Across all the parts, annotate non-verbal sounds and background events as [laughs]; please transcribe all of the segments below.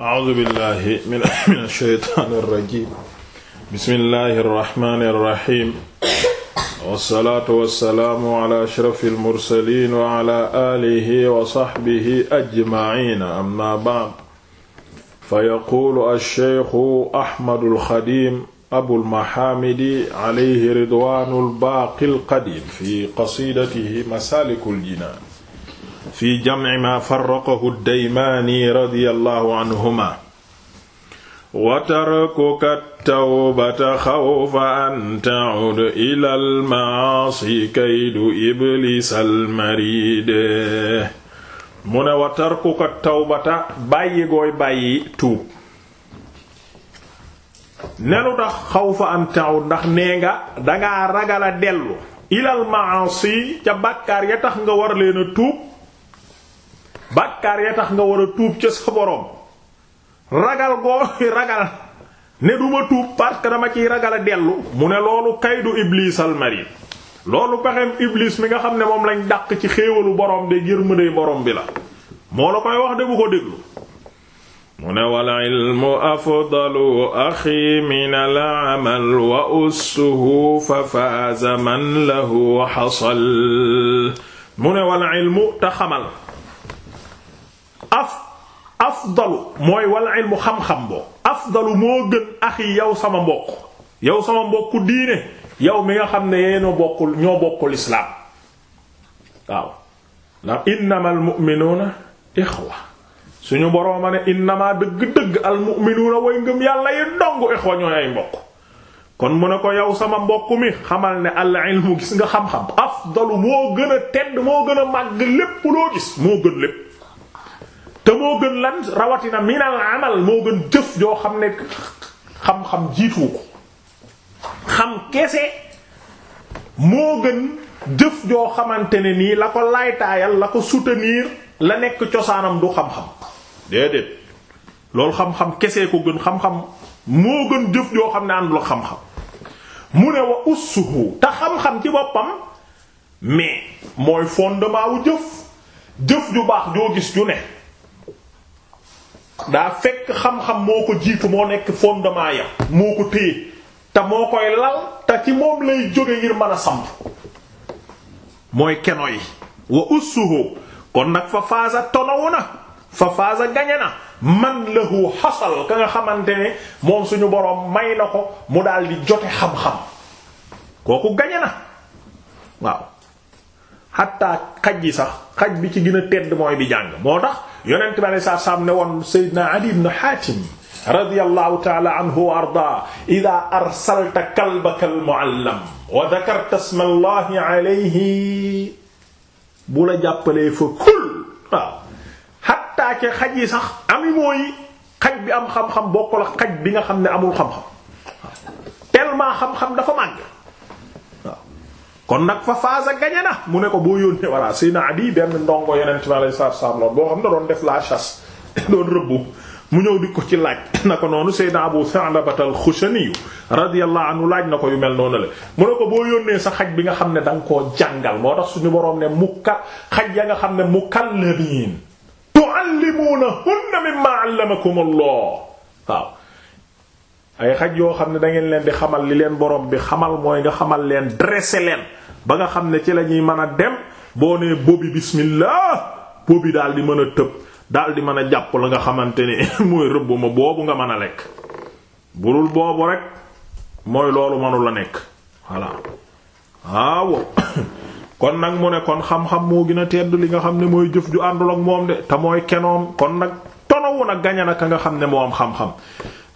a'uuzu billahi min ash-shaytaani ar-rajiim bismillahi ar-rahmaani ar-rahiim wassalaatu wassalaamu ala ashrafil mursaliin wa ala aalihi wa sahbihi ajma'iin amma ba'd fa yaquulu ash-shaykhu Ahmadul Xadiim Abul Mahaamidi alayhi ridwaanul baaqil qadiim fi qasiidatihi Masaalikul Jinaan fi jamci ma farraqahu ddaymaani radiyallahu anhuma wa tarkuka tawbata xawfa an ta'ud ila almaasi kaydu iblis almaride mu ne wa tarkuka tawbata bàyyi gooy bàyyi tuub nelu tax xawfa an ta'ud ndax nee nga dangaa ragala dellu ilal maasi ca bàkkaar ya tax nga war leen tuub bàkkaar tax nga war a tuub sa boroom ragal goo [laughs] ragal ne du tuub parce dama ciy ragal a dellu mu ne loolu kaydu iblis al marid loolu pexem iblis mi nga xam ne moom lañ dàq ci xéewalu borom de yërmande borom bi la moo la koy wax de ko déglu mu ne wal ilmu afdalu axi min al amal wa ussuhu fa faaza man lahu xasal afdalu mooy wal ilmu xam sama mbokk yow sama mbokku diine yow mi nga xam ne ñoo bokkul islaam waaw ndax innamal mu'minuuna ixwa suñu borooma ne innama dëgg-dëgg al mu'minuuna way ngëm yàlla yi dong ixwa ñooy ay mbokk kon mu ne ko yow sama mbokk mi xamal ne al ilmu gis nga xam-xam afdalu moo gën a tedd moo gën a màgg lépp loo gis moo gën lépp te moo gën lan rawatina minal amal moo gën jëf joo xam ne xam-xam jiitu ko xam kese moo gën jëf joo xamante ne nii la ko laytaayal la ko soutenir la nekk cosaanam du xam-xam déedéet loolu xam-xam kese ko gën xam-xam moo gën jëf joo xam ne àndul xam-xam mu ne wa ussuhu te xam-xam ci boppam mais mooy fondement wu jëf jëf ju baax joo gis ju ne daa fekk xam-xam moo ko jiitu moo nekk fondement ya moo ko téye te moo koy lal te ci moom lay jóge ngir mën a samp mooy keno yi wa ussuhu kon nag fa faasa tonawu na fa faasa gañe na man lahu xasal ka nga xamante ne moom suñu boroom may na ko mu dal di jote xam-xam kooku gañe na waaw xatta xaj yi sax xaj bi ci gën a tedd mooy bi jàng moo tax yonent bi alayhi salaam ne woon Seydina Adi ibn Hatim radiyallahu ta'ala anhu wa ardaa idaa arsalta kalbaka al-mu'allam wa dhakarta isma Allahi alayhi bu la jàppalee fa kul waaw xattaa ke xaj yi sax ami mooy xaj bi am xam-xam bokkul ak xaj bi nga xam ne amul xam-xam tellement xam-xam dafa màgg kon nag fa faasa gañe na mu ne ko boo yónnee voilà sëy na adi benn ndongo yeneen mi alei satu salaam boo xam ne doon def la chasse [laughs] doon rëbbu mu ñëw di ko ci laaj [laughs] na ko noonu Seydina Abu Tha'laba al-Khushani radiyallahu anhu laaj na ko yu mel noonu la mu ne ko boo yónnee sa xaj bi nga xam ne da ko jàngal moo tax suñu boroom ne mukka xaj ya nga xam ne mukallabiin tu'allimuunahunna mimmaa 'allamakumullah waaw ay xaj yoo xam ne dangeen leen di xamal li leen boroom bi xamal mooy nga xamal leen dresser leen ba nga xam ne ci la ñuy mën a dem boo nee bobi bismillah bobi daal di mën a tëb daal di mën a jàpp la nga xamante ne [laughs] mooy rëbbuma boobu nga mën a lekk burul boobu rek mooy loolu mënu la nekk voilà waaw [coughs] kon nag mu ne kon xam-xam moo gën a tedd li nga xam ne mooy jëf ju àndul ak moom de te mooy kenoon kon nag tonowu na gaña na ka nga xam ne moo am xam-xam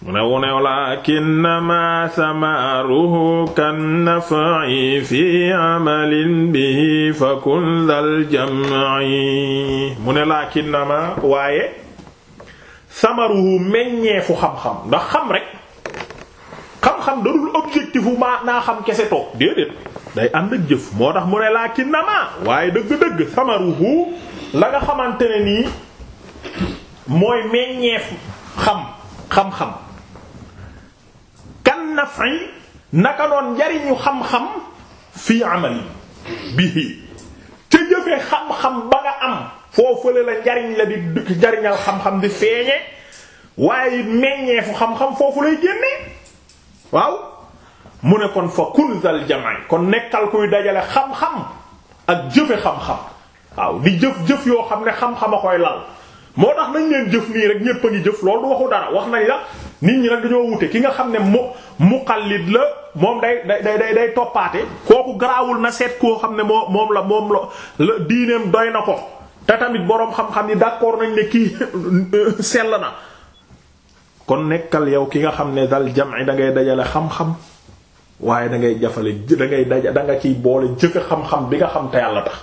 mu ne mu ne walaakinnama samaruhu kannafi fi amalin bihi fakun dal jam'i mu ne laakinnama waaye samaruhu meññeefu xam-xam ndax xam rek xam-xam darul objectif maa naa xam kese toog déedéet day ànd ak jëf moo tax mu ne laakinnama waaye dëgg-dëgg samaruhu la nga xamante nii mooy meññeef xam xam-xam naf'i naka noon njariñu xam-xam fii amali bihi te jëfee xam-xam ba nga am foofule la njariñ la di njariñal xam-xam di feeñe waaye meññee fu xam-xam foofu lay génnee waaw mu ne kon fa kun zal jamaa kon nekkal kuy dajale xam-xam ak jëfe xam-xam waaw di jëf-jëf yoo xam ne xam-xam a lal moo tax nañ leen jëf nii rek ñépp a ngi jëf loolu du waxu dara wax nañ la nit ñi nag dañoo wute ki nga xam ne mu muqallid la moom day day day toppaate kooku garaawul na seet koo xam ne moo moom la moom la diineem doy na ko te tamit boroom xam-xam yi d'accord nañ ne kii [laughs] sell na kon nekkal yow ki nga xam ne dal jam'i da ngay dajale xam-xam waaye dangay ngay jafale da ngay daja ciy boole jëkk xam-xam bi nga xam te yàlla tax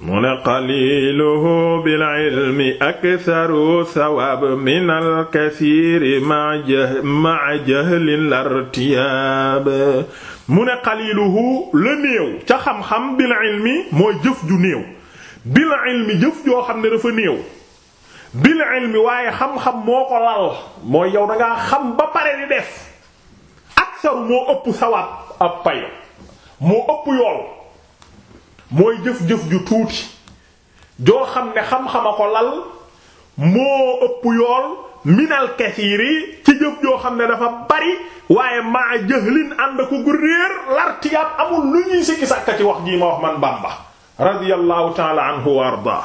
mu ne qaliluhu bil ilmi aktharu thawaab min al kathiri ma'a jahlin lartiyaab mu ne qaliluhu la néew ca xam-xam bil ilmi mooy jëf ju néew bil ilmi jëf joo xam ne dafa néew bil ilmi waaye xam-xam moo ko lal mooy yow da ngaa xam ba pare di def aktharu moo ëpp thawaab ab payo moo ëpp yool mooy jëf-jëf ju tuuti joo xam ne xam a ko lal moo ëpp yool minal kasiiri ci jëf joo xam ne dafa bari waaye maa jëhlin ànd ko gu réer lartigaab amul lu ñuy sikki sàkka ci wax jii ma wax man Bamba radiyallahu taala anhu wa ardaa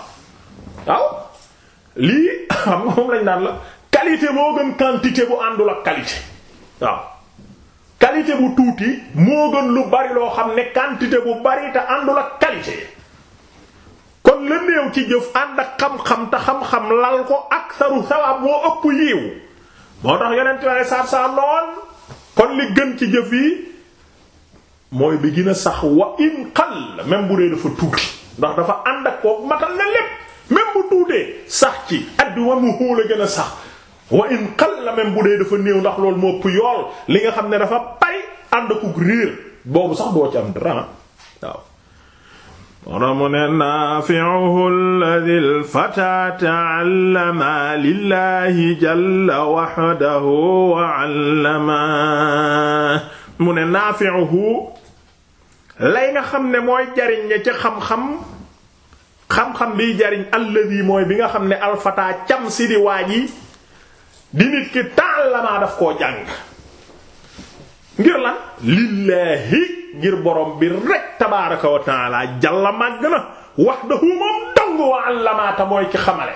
waaw lii [laughs] xam nga moom lañ daan la qualité moo gën quantité bu àndul ak qualité waaw qualité bu tuuti moo gën lu bari loo xam ne quantité bu bari te àndul ak qualité kon la néew ci jëf ànd ak xam-xam te xam-xam lal ko aksaru sawaab moo ëpp yiiw moo tax yonent bi saab lool kon li gën ci jëf yi mooy bi gën a sax wa in qall même bu dee dafa tuuti ndax dafa ànd ak kooku matal na lépp même tuutee sax ci addi mu hóol gën a sax wa in qalla même bu dee dafa néew ndax loolu moo ëpp yool li nga xam ne dafa bari ànd akuk réer boobu sax doo ci am dara waaw wara mu ne naafi'uhu lay nga xam ne mooy jariñ ña ca xam-xam xam-xam biy jariñ alladhi mooy bi nga xam ne alfata cam si di waaji di nit ki ta'allama daf koo jàng ngir lan lillaahi ngir borom bi rek tabaaraka wa ta'ala jalla màgg na wahdahu moom dong wa allamaata mooy ki xamale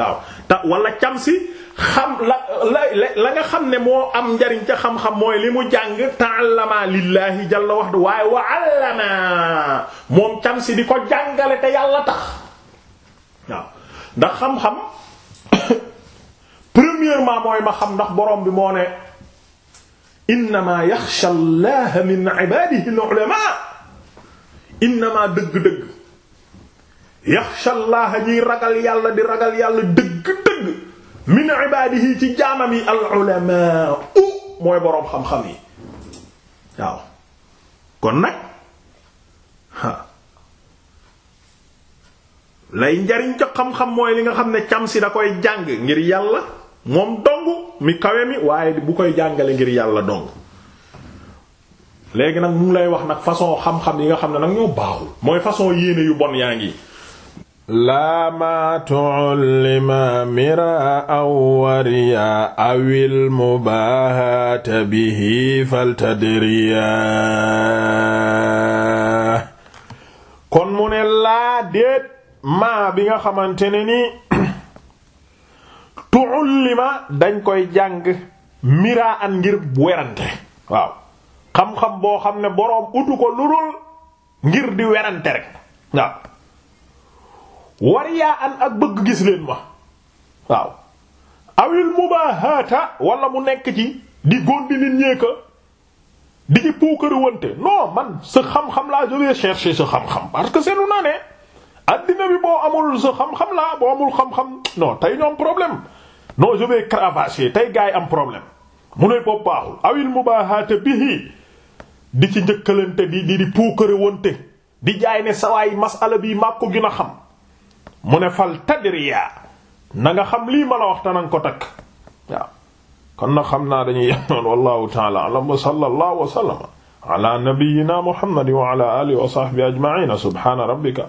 waaw ta wala cam si xam la la la nga xam ne moo am njariñ ca xam mooy li mu jàng ta'allama lillaahi jalla wahdahu waaye moom cam si di ko jàngale te yàlla tax waaw ndax xam-xam premièrement mooy ma xam ndax borom bi moo ne innama yaxsha allaha min ibadihi al ulama innama dëgg-dëgg yaxsha allaha ñiy ragal yàlla di ragal yàlla dëgg-dëgg min ibadihi ci jaamam yi al ulama u mooy boroom xam-xam yi waaw kon nag lay njariñ ca xam-xam mooy li nga xam ne cam si da koy jàng ngir yàlla moom dong mi kawe mi waaye bu koy jàngale ngir yàlla dong léegi nag mu lay wax nag façon xam-xam yi nga xam ne nag ñoo baaxul mooy façon yéene yu bon yaa ngi laama tullima mira aw wariya awil mubahata bihi faltadriya kon mu ne laa déet maa bi nga xamante ne tuullima dañ koy jàng miraan ngir werante waaw xam-xam boo xam ne boroom utu ko lurul ngir di werante rek waaw wariyaa an ak bëgg gis leen ma waaw awil mubaahata wala mu nekk ci di gondi nit ñeeka di ci puukari wante non man sa xam-xam laa je vais chercher sa xam-xam parce que seetlu naa ne addina bi boo amul sa xam-xam laa boo amul xam-xam non tey ñoom problème non je vais cravacher tey gars yi am problème mu ne boobu baaxul awil mubahata bihi di ci njëkkalante di di di puukare wonte di jaay ne sawaay masala bi màg ko gën xam mu ne fal tadriya na nga xam lii ma la wax ko takk kon na xam naa dañuy yem noonu wallahu ta'ala alam wa sallallahu wa sallama ala nabiyyina muhammadin wa ala wa sahbihi ajma'in subhana rabbika